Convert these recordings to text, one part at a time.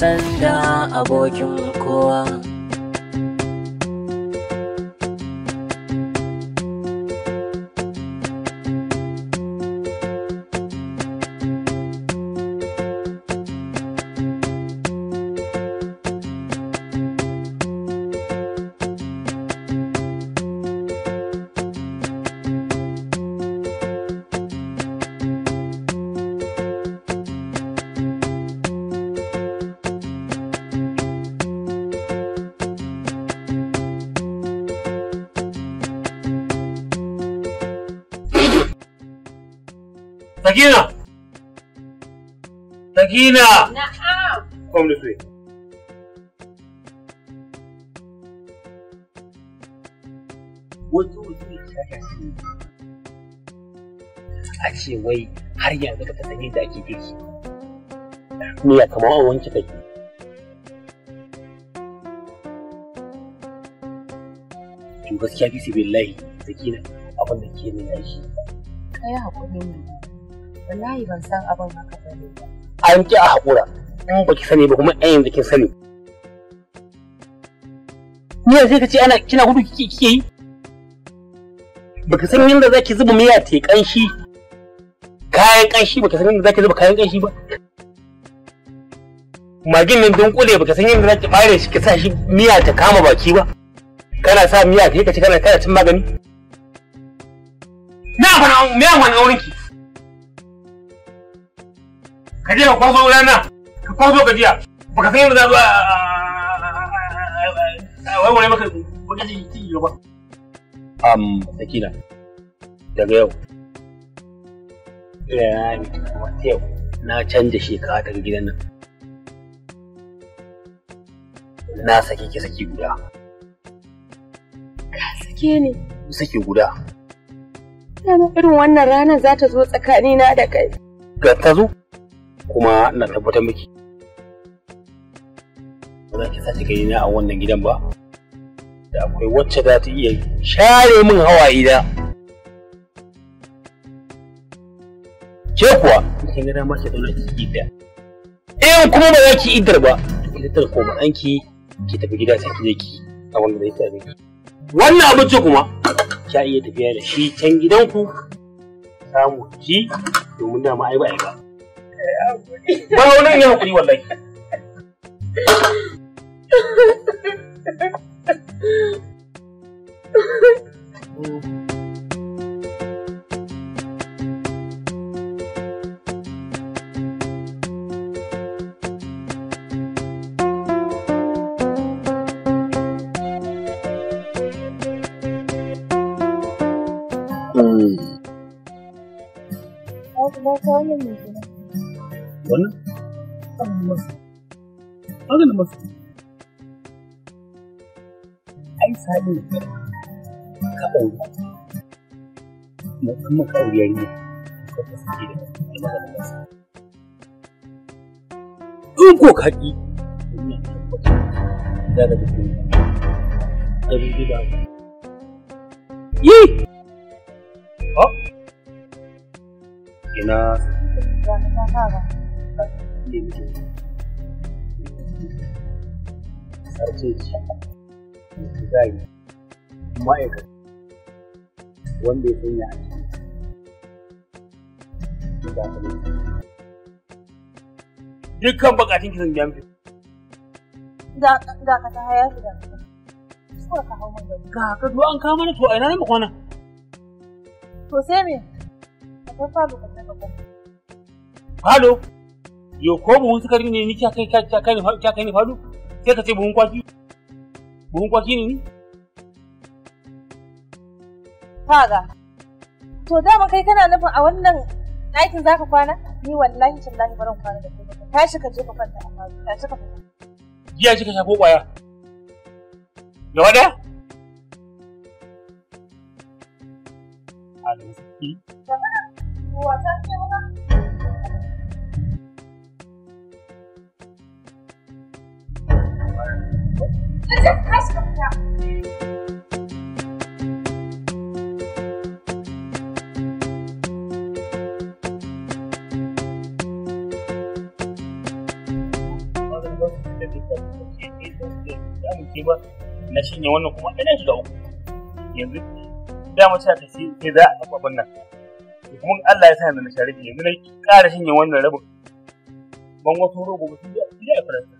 sanda abokin kowa Sakina! Sakina! Na'am! Come this way. Wasu mutum ya a ce wai har yanzu da san yadda ake girki. Me ya kama a wanke kai? To gaskiya fi sibillahi Sakina abin da ke ne shi. wallahi ban san abin haka ba ne an ki a haƙura in ki sani ba kuma ɗan yanzu kin sani ni yanzu ka ce ana kina gudu kike kike yi baka san yadda zaki zuba miya ta ƙanshi kayan kanshi baka san yadda zaki zuba kayan ƙanshi ba magin nan don kule baka san yadda ki bare shi ka sa shi miya ta kama baki ba kana sa miya ta yi ka ci kana kana cin magani na fara miya wani aurenki ka je ka kwaso rana ka kwaso gajiya ka san yadda za zo a wani maka wajen ciki ba. Am, Sakina, daga yau, ina wata yau na canja shekara daga gidan nan. Na sake ki saki guda. Ka sake ne? Saki guda. Yana irin wannan ranar za ta zo tsakanina da kai. Ga ta zo? kuma na tabbatar miki ba za ki sace gani na a wannan gidan ba da akwai wacce za ta iya share min hawaye da ke kuwa kin ga dama da dauna ki da. in eh, kuma ba za ki idar ba ki tattara koma ɗanki ki tafi gida sai ki je ki a wannan zai tafi wannan abinci kuma ka iya tafiya da shi can gidanku samu ji domin dama ai ba ai ba Ba wannan ya hakuri wallahi. Hmm. ne wannan abin mafi maganin mafi ai sa'in da ka ɗauri musamman ka ɗauri yarinya ka kasance da maganin mafi in ko ka ƙi wannan tabbata za ka tafi da rubu da yi ina ta ce miki sarce ce da zai ma'aikata wanda ya sanya a cikin ba ka dukkan bakatun kisan biya miki ga ka ta haya shi da ka hau mun ga ka zo an kama ni to a ina ne makwana to sai me ka fa bukatun ka Halo? yo ko buhun sukari ne ni kya kai ni fadu sai ka ce buhun kwaki buhun kwaki ne ni kaga to dama kai kana nufin a wannan ɗakin zaka kwana ni wallahi tallahi baran kwana da kai tashi ka je ka kwanta a fadu tashi ka fita jiya ka shafo kwaya gaba daya Alhamdulillah. Wasa ke ba? ka tashi ka fita ba na shine wannan kuma ina da uku yanzu da mace ta sai sai za a tabbabin nan kuma Allah ya sa yanzu na sharifi yanzu na ƙara shi ne wannan rabin ban wasu rogo ba sai ya fara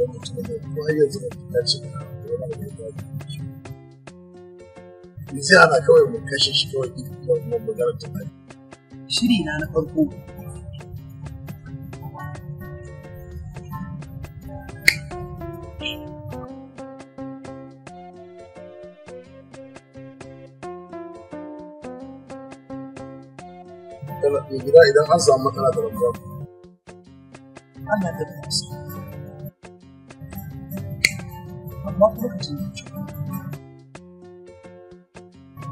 idan mutum yanzu ta da ya ana kawai mu kashe shi kawai magana ta bari shiri na na farko gida idan an samu matsala da rabuwa Allah ta fi amma kuma ka ce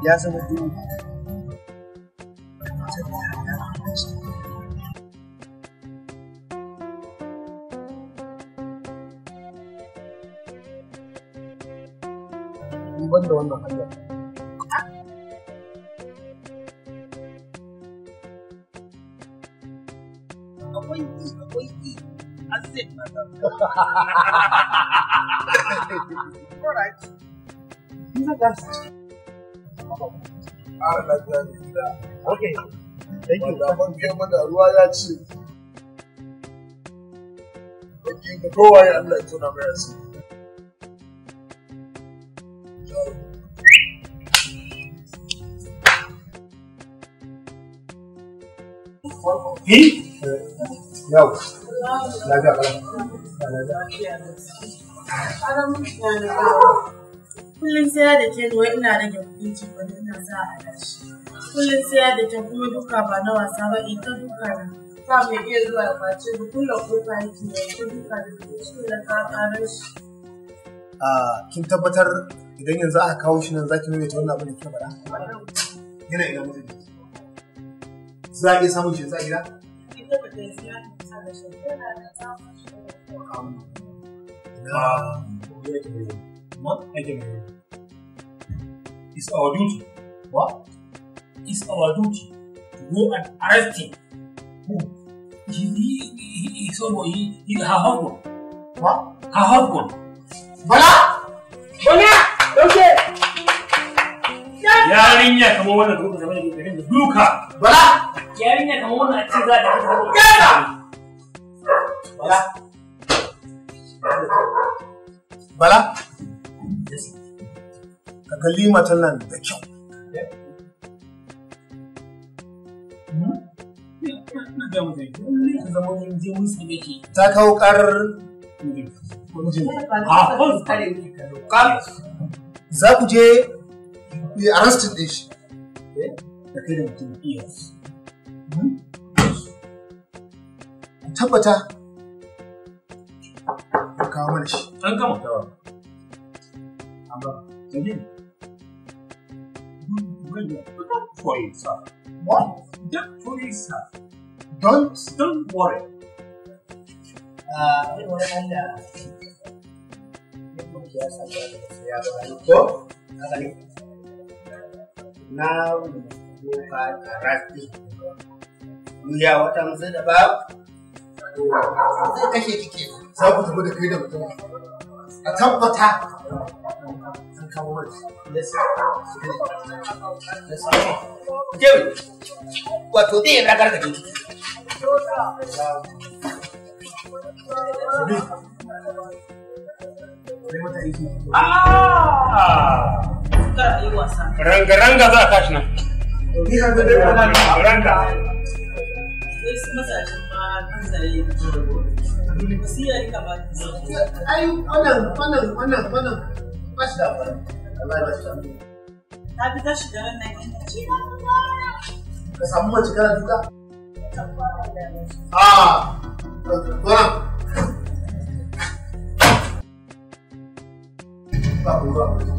ya zama dole ban da wannan hanyar akwai akwai All lafiya ne ruwa ya ce. Baki ga kowa ya Yau, lafiya ƙarar. Kullum sai da ke wai ina rage hukunci wani ina sa a dashi. Kullum sai da ke kuma duka ba na wasa ba ita eh, duka na. ta mai iya zuwa da kwace da kullum kofa yake da ita duka da shi da ka karar shi. kin tabbatar idan yanzu aka kawo shi nan za ki maimaita wannan abin da kika faɗa? Yana ina mutum. Za a iya samun shi yanzu a gida? Ita ba ta yi siya ta kusa da shi. Yana da samun shi da kuma kawo. na koyo ake mai ma ake mai it's our duty what it's our duty to go and arrest him who he he he, he so he, he her husband what her husband bala bala okay yarinya kamar wannan da kuka zama da duka bala yarinya kamar wannan a cikin za ta fita Bala? Ka kalli matan nan da kyau. Hmm? Ta kawo ƙarar Za ku je yi arrestin ɗin shi. Da kai da mutum iya. Hmm? Tabbata kawo mana shi. An gama kawo. An gama. Dalili. Don't worry, sir. What? Don't worry, sir. Don't? Don't worry. Ah, wani wanda ya sanya ya bayar ko? Asali. Na rubuta karafi. Duniya wata da za ku tafi da kai da mutum a tabbata an kawo mai wato zai yi ragar da ah! Ranga-ranga za a tashi nan. Ranga. su ma kan da da ka samu mace kana duka ah ba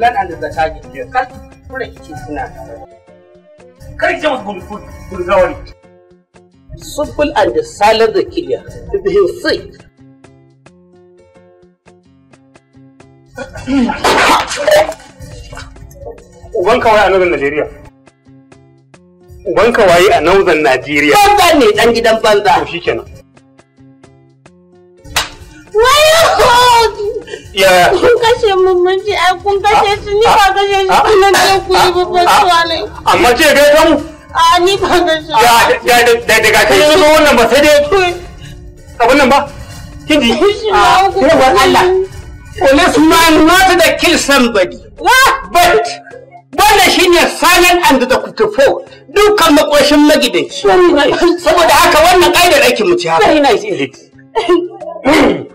lan and the target there kar kura kici suna kar ki jama gul gul gul gawari simple and the salad the killer to be sick Uban kawai a Northern Nigeria. Uban kawai a Northern Nigeria. Banza ne dan gidan banza. To shikenan. kun kashe mun mun ji ai kun kashe su ni ba kashe su kullun da ku yi babban tsale amma ce ga ta mu a ni ba kashe ya da da da ga kai zo wannan ba sai dai abun ba kin ji ne ah, war Allah Unless man not to kill somebody. But wannan shine silent and the kutufu dukkan makoshin magidanci. Saboda haka wannan ƙaidar aikin mu ce haka. Very nice, hmm.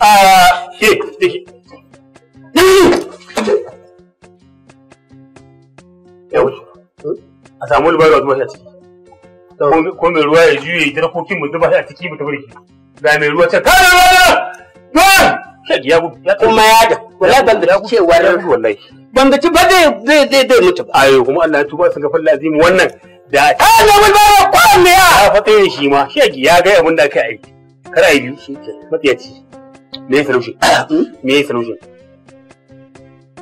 a samu ruwa ya shi a ciki ko mai ruwa ya juye mu zuba shi a ciki mu da shi mai ruwa ruwa kuma wallahi ban ga ci ba zai zai zai zai mutu ba ayo kuma Allah ya tuba sun ga falla wannan da ta ga mun ba ko ne ya fa shi ma shegi ya ga abin da kai ai kar ai shi ke me solution hmm? me solution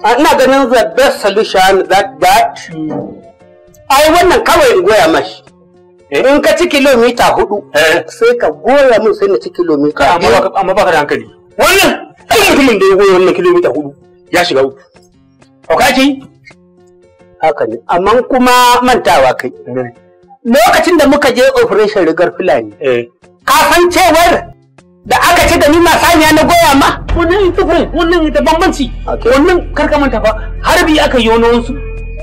ah, ina ganin the best solution that that ai wannan kawai in goya mashi eh? in ka ci kilomita hudu eh? sai ka goya min sai na ci kilomita amma ba ka da hankali wannan ai mutumin da ya goya wannan kilomita hudu ya shiga uku okaci haka ne amma kuma mantawa kai eh. lokacin da muka je operation rigar fulani ka san cewar da aka ce da ni ma saniya na goya ma wannan ita fa wannan ita bambanci wannan karka manta fa harbi aka yi wani wasu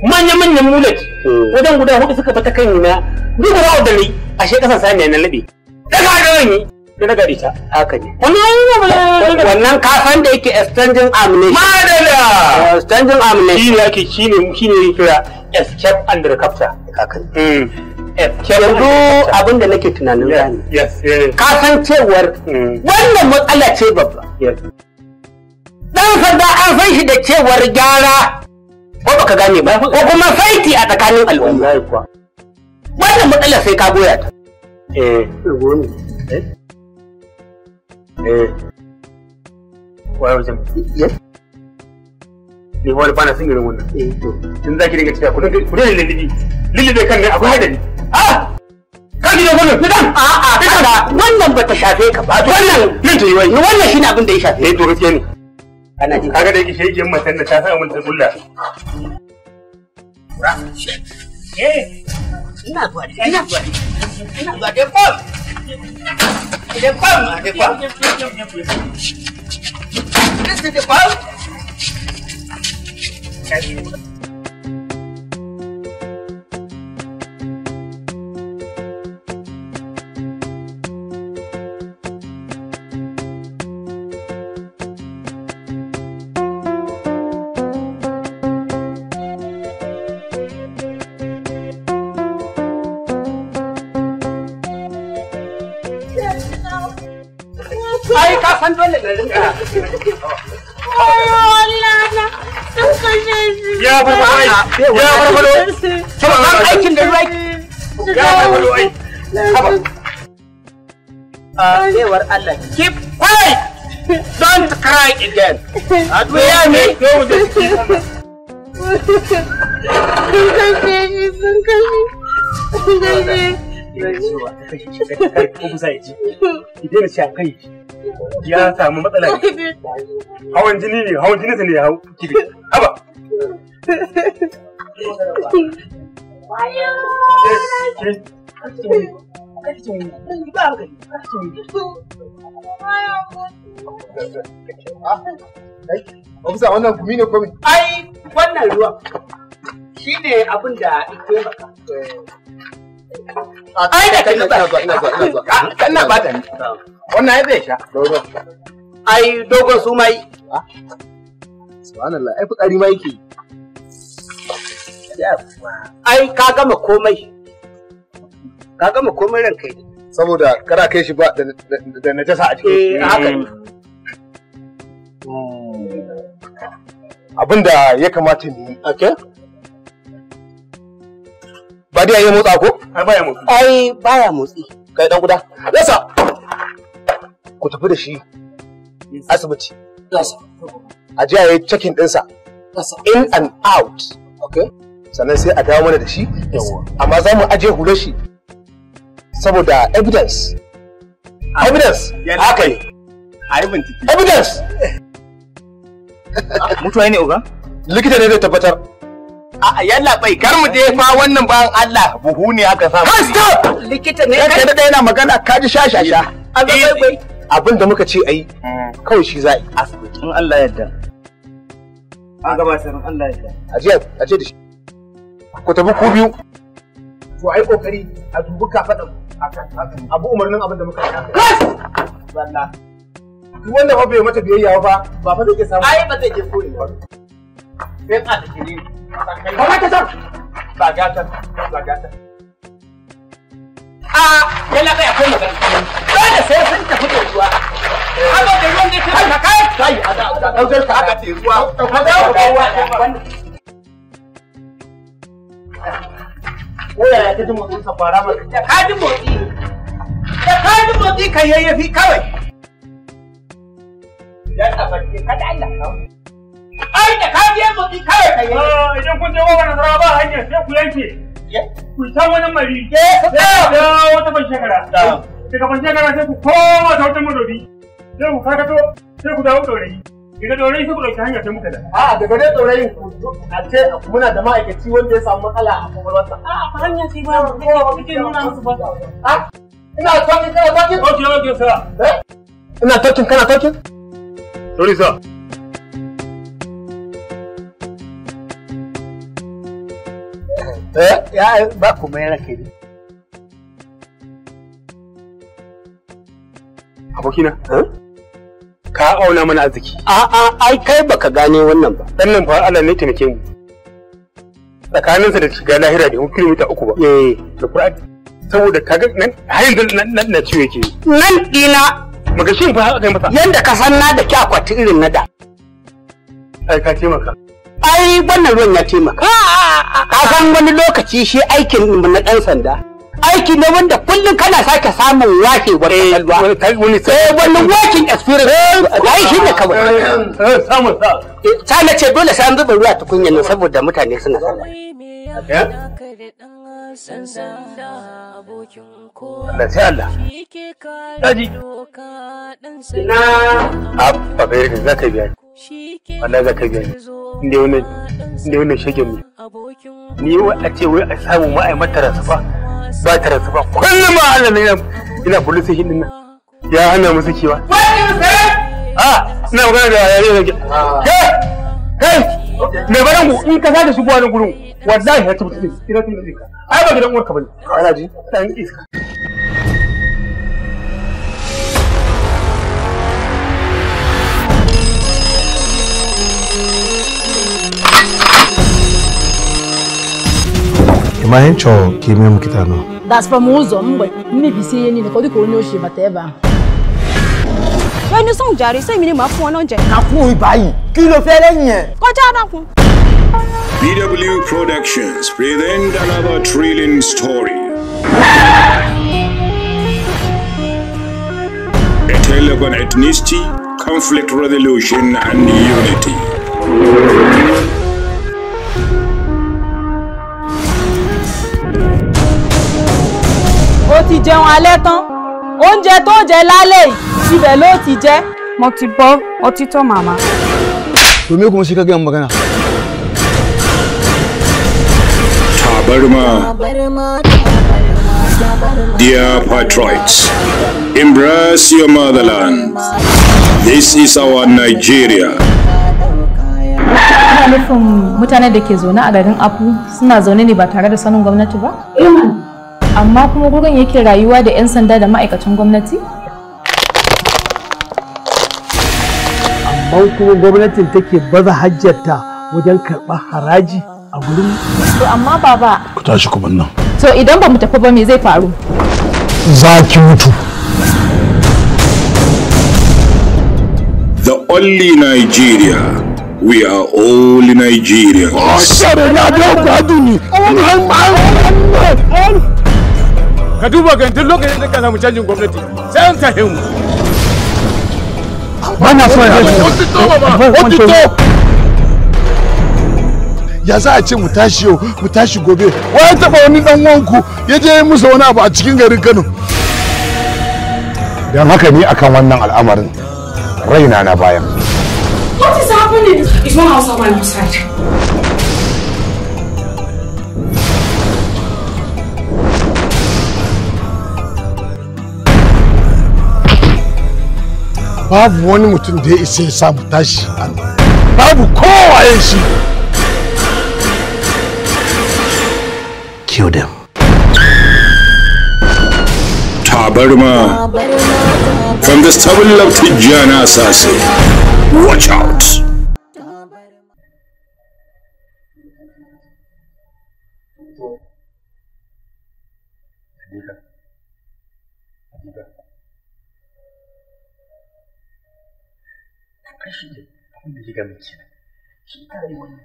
manya-manyan mulaki hmm. wajen guda hudu suka bata kan na duk rawar da ni ashe kasan saniya na labe daga rawar ni da daga ita haka ne wannan kafan da yake extending ammunition madala extending ammunition shine yake shi ne kira escape under capture haka ne hmm. yanzu abin da nake tunanin gani ka san cewar mm. wannan matsala ce babba dan sanda an san shi da cewar gyara ko baka gane ba ko kuma saiti a tsakanin al'umma wannan matsala sai ka goya ta eh, eh? eh. eh wani bana Eh dinga cewa kan akwai hadari Ah! Kaki da gudun. Fitan. A'a, kada wannan bata shafe ka ba. Wannan nan ta yi wai. Wannan shine abin da ya shafe. Eh to gaskiya ne. Ana ji. Kaga da yake shege mun sanna ta sa mun tsulla. Ah, eh. Ina gwada. Ina gwada. Ina gwada ko. Ina gwada, ina Ina gwada. Ina ya farfado ai ya farfado saboda aikin da ruwa ya farfado ai Allah keep quiet don't cry again me go with sun kashe sun kashe sun kashe zuwa ta kashe shi sai kai ko kusa kai ya samu matsala hawan jini ne hawan jini ne ya hau kibi haba Ofisa wannan gumi ne komi? Ai, wannan ruwa shi ne abin da ita maka. ai da kai ina zuwa ina zuwa ina zuwa kan na bata ni ah. wannan ai zai sha dogon ai dogon su mai ah. subhanallah ai fitsari ma yake ai ka gama komai ka gama komai ran kai saboda kada kai shi ba da na jasa a cikin eh, haka hmm. abin da ya kamata mu yi ba dai ya motsa ko ai baya motsi ai baya motsi kai dan guda sa. ku tafi da shi asibiti yasa a jiya yayi check-in ɗinsa in and out okay sannan sai a dawo mana da shi amma za mu aje hure shi saboda evidence ah. evidence haka ne a yi evidence mutuwa ne uga likita ne zai tabbatar A'a yalla bai kar mu dai fa wannan bayan Allah buhu ne aka samu. stop! Likita ne kai. Kai yana magana ka ji shashasha. Azabai bai. Abin da muka ce ai hmm. kawai shi za'i Asibiti. In Allah yarda. A gaba sanin Allah yarda. Ajiya ajiya da shi. Ku tafi ku biyu. To ai kokari a dubi kafadan abu umarnin abin da muka yi. Kas! Wallah. Duk wanda ba bai mata biyayya ba ba fa zai ke samu. Ai ba zai ke koyi ba. sai a da kiri ba san ba gatan ba gatan a yana kai akwai magana dole sai sun tafi da ruwa haka da ruwan da kai ka kai sai a da daukar ka aka ce ruwa ka da ruwa Oya ya ta ji motsin ka fara Da ka Da ka ji motsi ka kawai. Ai da ka je motsi kawai ka yi. Ah, idan kun je wa wani zara ba hanyar sai ku yanke. Ku ta wani mari. Sai da wata ban shekara. Daga ban shekara sai ku koma ta wata madobi. Sai ku karkato sai ku dawo ɗorayi. Daga ɗorayi sai ku ɗauki hanyar ta muka da. A'a daga dai ɗorayin ku a ce muna da ma'aikaci wanda ya samu matsala a kwakwalwarsa. A'a ta hanyar sai ba kowa ba kike nuna musu ba. A'a ina talking kana talking? Ok ok sir. Eh? Ina talking kana talking? Sorry sir. vai eh, ba kuma yana ke ne abokina eh? ka auna mana arziki a a ai kai baka gane wannan ba dan nan fa Allah ne nake mu tsakaninsa da shiga lahira ne kilomita uku ba eh da Qur'ani saboda kaga nan har yanzu nan na ciwo yake nan dina magashin fa aka kai masa yanda ka san na da kyakwatin irin na da ai ka taimaka ai wannan ruwan ya taimaka ah, ah, ah, ka san wani lokaci shi aikin na dan sanda aiki ne wanda kullum kana sake samun wake wata kalwa eh wannan wakin eh, experience eh, ai shi ne eh, kawai samu sa ta na ce dole sai an zuba ruwa tukunya ne saboda mutane suna sallah Allah sai Allah. Daji. Ina. Abba bai da za biya. wanda za ka gani inda wani shige ne ni wai a ce wai a samu ma ai mata rasufa ba ta rasufa kullum ma Allah ne ina bulisa shi dinnan ya hana musu kiwa a ina magana da yare da ke kai mai baran in ka sake shigowa na gurin wallahi ya tabbata ina tun da ka ai ba gidan uwarka bane ana ji dan iska ị maghị nchọ ka ime m nkịta nọ daspam ụzọ mgbe mmebisi ihe niile ka ọ dịka onye ochie bata ebe ahụ ẹni sọ̀n jàre sẹ́yìn mi ni màá fún ọ náà jẹ. ká fún ibà yìí kí ló fẹ́ lẹ́yìn ẹ̀. kọjá dákun. BW Productions present another thrilling story. A tale of an ethnicity, conflict resolution and unity. ti jẹun alẹ́ tán oúnjẹ tó jẹ lálẹ́ yìí ibẹ̀ ló ti jẹ. mo ti bọ́ ọtí tán màmá. domin kuma shi ka gaya magana. Tabarma. Dear patriots, embrace your motherland. This is our Nigeria. Ina nufin mutanen da ke zaune a garin Apu suna zaune ne ba tare da sanin gwamnati ba? Eh amma kuma gurin yake rayuwa da 'yan sanda da ma'aikatan gwamnati? Amma kuma gwamnatin take baza hajjarta wajen karɓar haraji a gurin. To amma baba. Ku tashi ku nan. To idan ba mu tafi ba me zai faru? Za ki mutu. The only Nigeria We are all Nigerians. Oh, shut it! Now, don't do me! ka duba ga duk lokacin da ka samu canjin gwamnati sai an sahe mu bana so ya ji ya za a ce mu tashi yau mu tashi gobe wai taba wani dan wanku ya je musu wani abu a cikin garin Kano dan haka ni akan wannan al'amarin raina na bayan what is happening is one house on my side babu wani mutum da ya isa ya samu tashi babu kowa ya shi kill them tabarma from the stable of Tijjana Sase watch out Thank you. ai shi ne abin da ya gami kenan shi ta yi wannan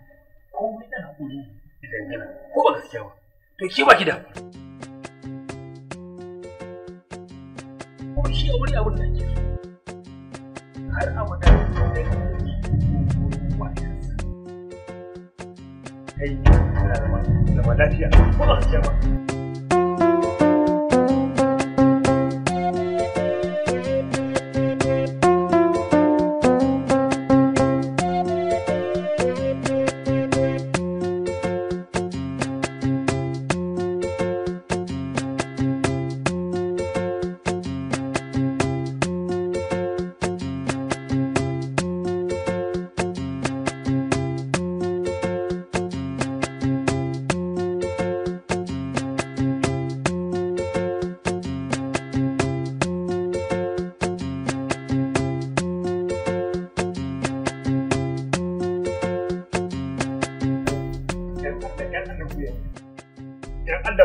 komai na haƙuri da dangana ko ba gaskiya ba to ke ba ki da shi a wuri abin da ke so har abada da ya yi gami kai zama lafiya ko ba gaskiya ba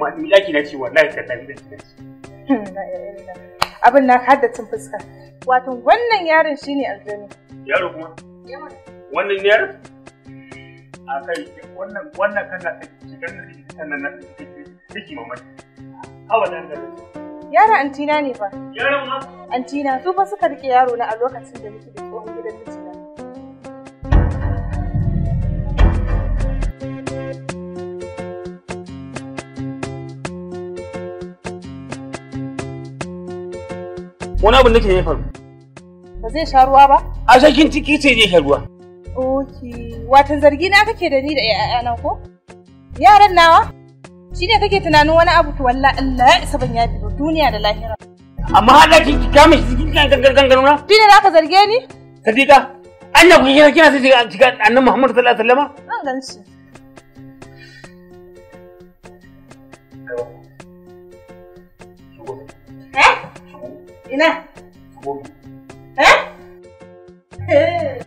ma ni na ce wallahi abin na fuska wannan yaron ne aljani yaro kuma wannan yaro a kai wannan wannan shi kan yara antina ne fa yaron ma antina su fa suka rike yaro na a lokacin da muke da tsohon gidan miji wani abin da ke ya faru ba zai sha ruwa ba a shakin ciki ce zai sha ruwa ok watan zargi na kake da ni da ƴaƴana ko yaran nawa Shi ne kake tunanin wani abu to wallahi Allah ya isa ban yafi duniya da lahira amma hada ki kame shi kin kan gangan na ne zaka zarge ni sadiqa Allah ku kira kina sai shiga annabi Muhammad sallallahu alaihi shi. Thank you. Ina? Gobe. Eh?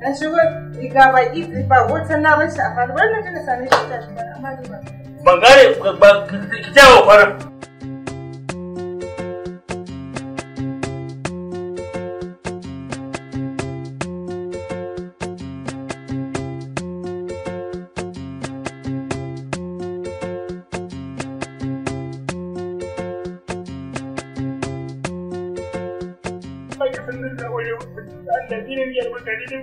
Dan shigo riga ba ki ba wata na bar shi a faru wannan kana same shi ta shi ba amma ba. Ban gane ba daidai da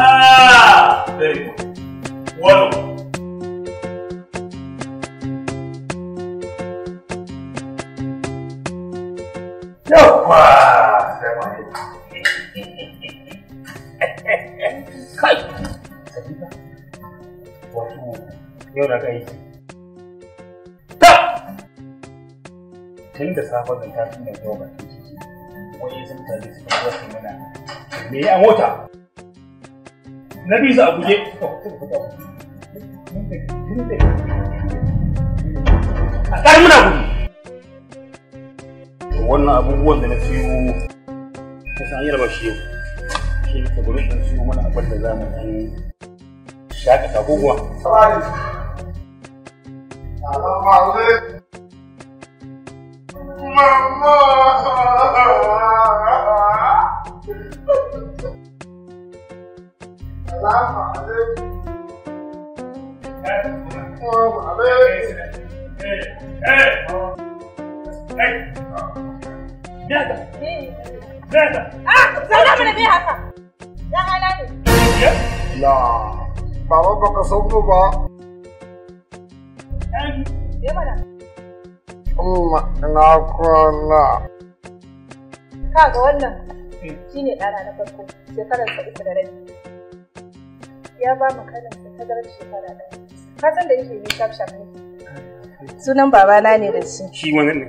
Ah, very Kai! yau tun da safa da ta tun da zuwa bakin titi sun mutane suka zuwa su mana me ya mota na biyu za a guje a tsari muna gudu wannan abubuwan da na siyo ta san yi raba shi yau shi ne gurin ɗan su mana abin da za mu yi shaƙa ta guguwa. a uku ba. Umma na wannan shi ne ɗana na farko shekararsa uku da rai. Ya ba mu kanin shekara ɗaya. Ka san da yake yi shaf ne. Sunan babana ne da su. Shi wani ne.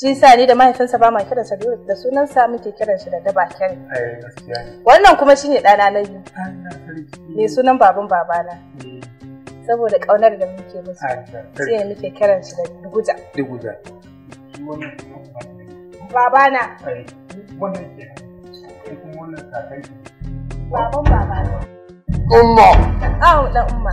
sun sa ni da mahaifinsa ba ma kiransa da sunansa muke kiran shi da daba kyari wannan kuma shine ɗana na biyu ne sunan baban babana eh. saboda ƙaunar da muke musu sai ne muke kiran shi da duguja duguja babana baban babana umma. Awo da umma.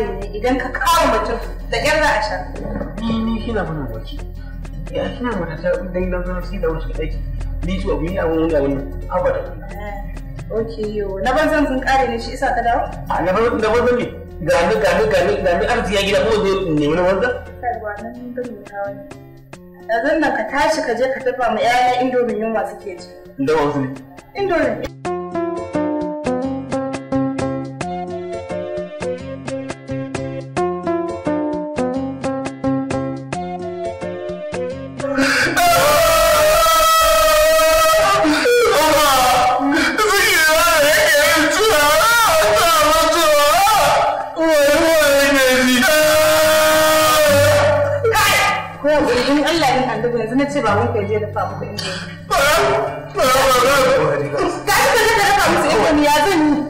ne idan ka kawo mutum da yar za a sha. Ni kina Ya kina ta na zama sai da wasu aiki. Ni wanda abada. Eh, ok yo, na sun kare ne shi isa ka dawo? A na bazan da bazan ne. Ga ni ga ni ga ni ga ni arziki ya gida kuma zo nemi na wanda. Kai ba nan ban nan ka tashi ka je ka dafa ma 'ya'ya indomin yunwa suke ci. ne. Indomin na ce ba yi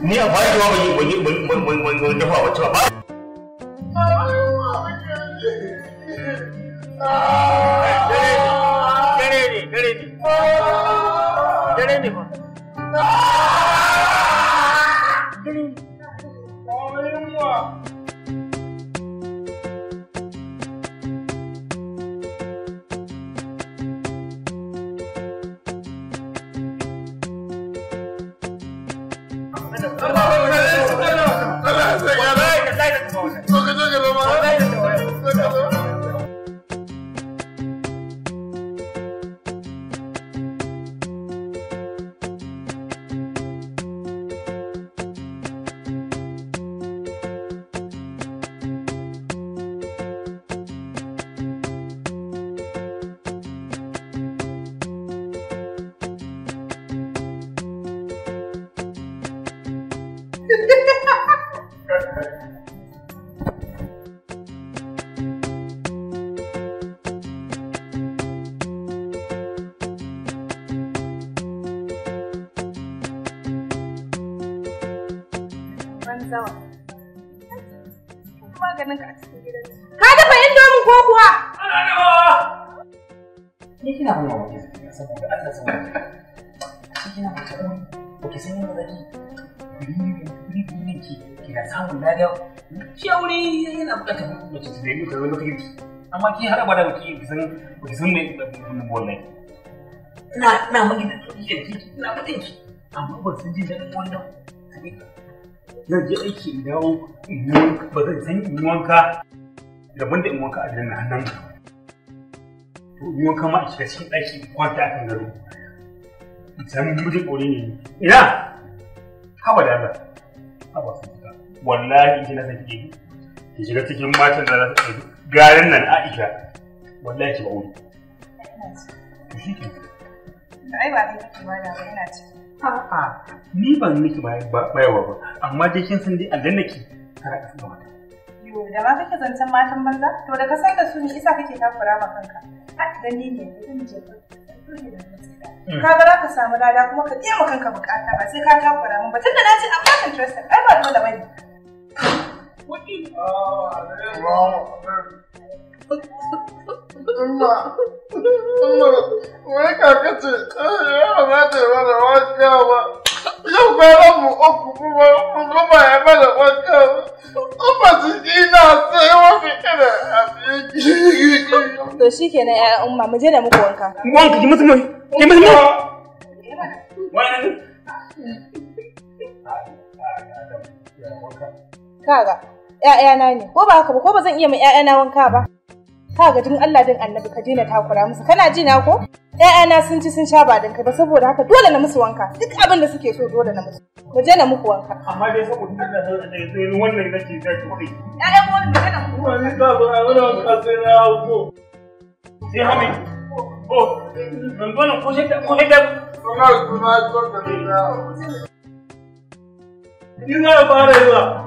Ni a bayan da wani dafa zai mutu zai mutu amma ki har abada baki ki san baki san me ina da amma san jin daɗin wannan zan je dawo ba daban a gidan nan ma a cikin kwanta a kan gado san mijin ƙori ne ina haba haba in na san ki shiga cikin matan da za garin nan Aisha wallahi ki ba wuri. Shi ke. Ai ba Ni kake bada ba ina ci. A'a ni ban miki ba amma dai kin san dai aljanna ki tara ka saba ba. Yo da ma kake zancan matan banza to da ka san da su ne isa kake takura ma kanka. A idan ni ne idan je ka mm. ka ga za ka samu dada kuma ka biya ma kanka bukata ba sai ka takura min ba tunda na ce amma trust ai ba dole bane. kuɗi. mu To shi umma, mu je da muku wanka. Wanka, ki musu mai, ki musu mai. Kaga. 'ya'yana ne ko ba haka ba ko ba zan iya ma 'ya'yana wanka ba ka ga din Allah din Annabi ka dina takura musu kana ji na ko ƴaƴana sun ci sun sha ba dan kai ba saboda haka dole na musu wanka duk abin da suke so dole na musu ku je na muku wanka amma dai saboda Allah da sai wannan nake da kuɗi ƴaƴan mu wannan kana muku wannan ba ba wannan ka sai na ko sai hami ko oh, ban gona ko ta ko sai da kuma kuma ko da ni na fara yi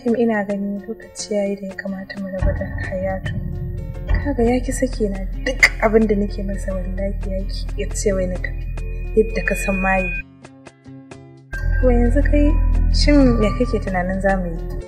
Ibrahim ina ganin lokaci yayi da ya kamata mu raba da Hayatu. Kaga ya ki sake na duk abin da nake masa wallahi ya ki ya ce wai na yadda ka san maye. To yanzu kai shin me kake tunanin zamu yi?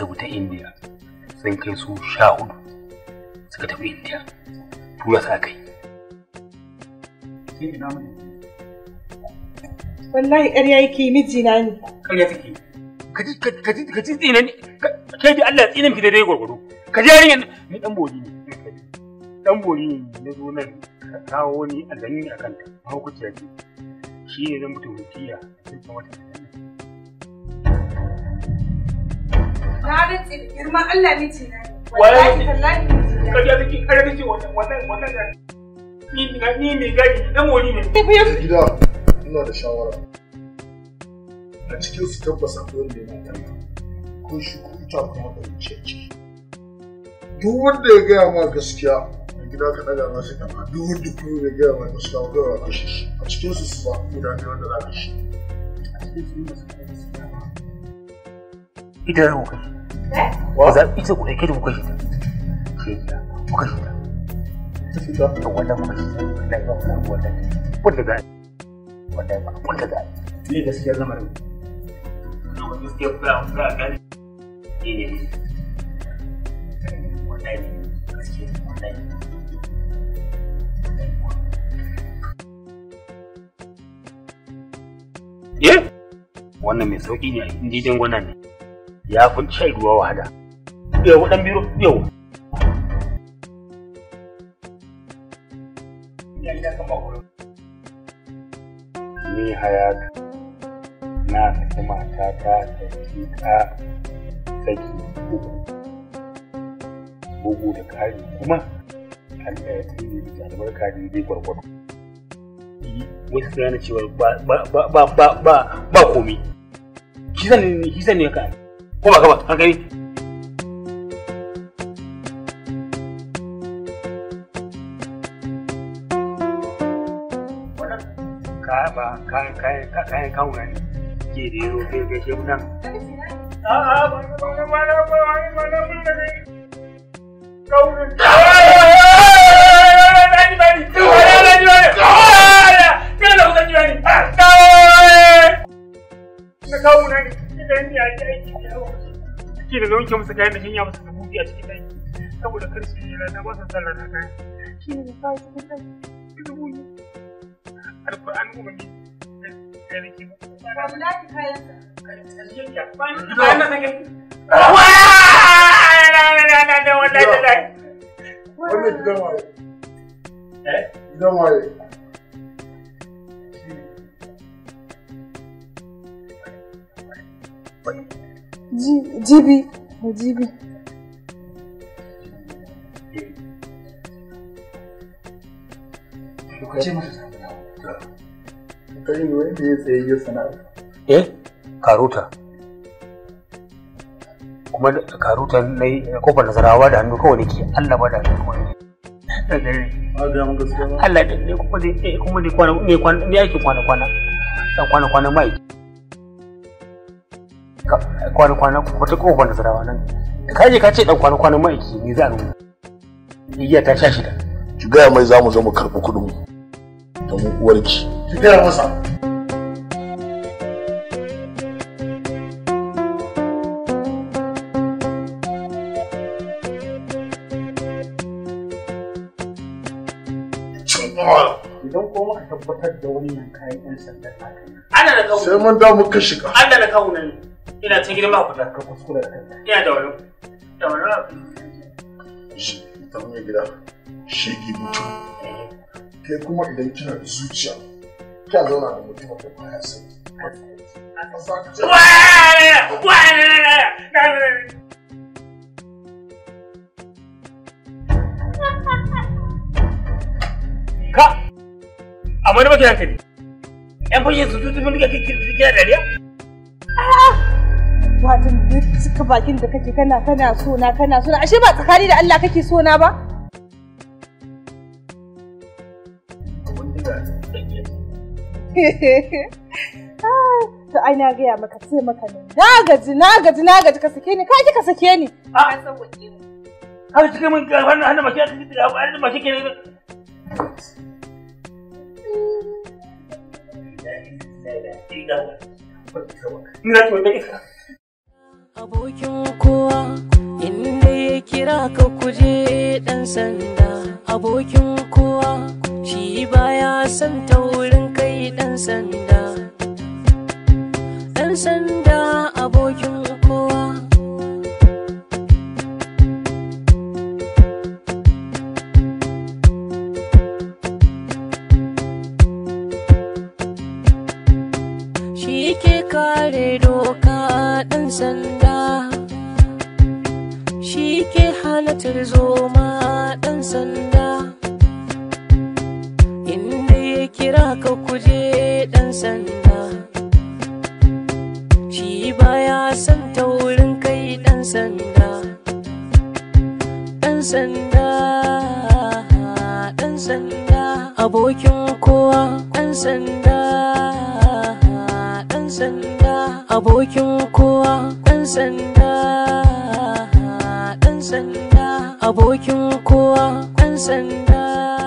aka ta indiya sun kai su sha hudu suka tafi indiya tura su aka yi wallahi ƙarya yake mijina ne ƙarya take ka ji tsina ne ke bi Allah tsina ki daidai gwargwaro ka ji yarinya ni dan bori ne dan bori ne na zo nan ka kawo ni a zanyi a kanta mahaukaciya ce shi ne zan mutum hukiya a cikin wata Na rantsi girma Allah miji na. Wallahi tallahi miji na. Kariya take kare take wannan wannan wannan da ni ni mai gadi dan wani ne. Gida ina da shawara. A cikin su tabbas akwai wanda ya mata ko shi ko ita kuma ba ce ce. Duk wanda ya gaya ma gaskiya mai gida ka daga ma sai kama duk wanda kuma ya gaya ma gaskiya ko ya kashe shi a cikin su su ba guda ne wanda za ka shi. A cikin su ne ba su kai gaskiya ba. Ita kai. Eh? Wa za ku ita ku ɗauke da kuka shi kuka shi ta. ta wannan kuka shi Na yi Wanda za a yi. Wanda ba wanda za a yi. Ni wani gani. Ni ne ne gaskiya eh? wannan mai sauƙi ne a indijin gwana ne ya fi shan ruwa wada. yau dan biro yau ni hayat na mata ta da ta saki uku bugu da kari kuma Allah ya tsiri da albarka da zai gwargwado wasu gane cewa ba komi shi zan không phải không phải ăn cái đi cá và cá cá cá cá câu này chỉ điều cái cái chức năng câu suke da nauyin musu kayan da shanya musu da buɗi a cikin ɗaki saboda kar su yi rana ba su kayan shi ne da kayan su buɗi alƙur'an mu ne da nake ba jibi da jibi eh karuta kuma karuta na yi kofar nasarawa da hannu kawai da ke allah ba da hannu kawai Allah da ne kuma ne eh, kwana ne kwana ake kwana kwana dan kwana ma mai kwana kwana wata kofar da sarawa nan ka je ka ce dan kwana kwana ma'aiki ne za a rubuta igiya ta sha shida ki gaya mai za mu zo mu karɓi kuɗin da mu uwarki ki gaya masa idan ko muka tabbatar da wannan kayan 'yan sanda ta kai. Ana da kawo. Sai mun da muka shiga. Ana da kawo ina cin gidan mahaifata ka kuskure da kanta. ina da wani da wani shi ita mai gida Shi shege mutum kai kuma idan kina da zuciya kya zauna da mutum da baya sai ka amma da baki hankali yan fashe su tutu mun ga kike kike dariya watan duk suka bakin da kake kana kana so na kana so na ashe ba tsakani da Allah kake so na ba to ai na gaya maka sai maka ne na gaji na gaji na gaji ka sake ni ka ka sake ni a har cikin mun ga wannan hannun mace ta ji da mace ke Thank Abokin kowa inda ya kira ka kuje ɗan sanda. Abokin kowa shi baya son taurin kai ɗansanda sanda. Ɗan sanda abokin kowa. Shi ke kare doka ɗan sanda. ma ɗan sanda inda ya kira ka kuje ɗan sanda shi baya san taurin kai ɗan sanda ɗan sanda ɗan sanda abokin kowa ɗan sanda ɗan sanda abokin kowa ɗan sanda ɗan sanda abokin kowa ɗan sanda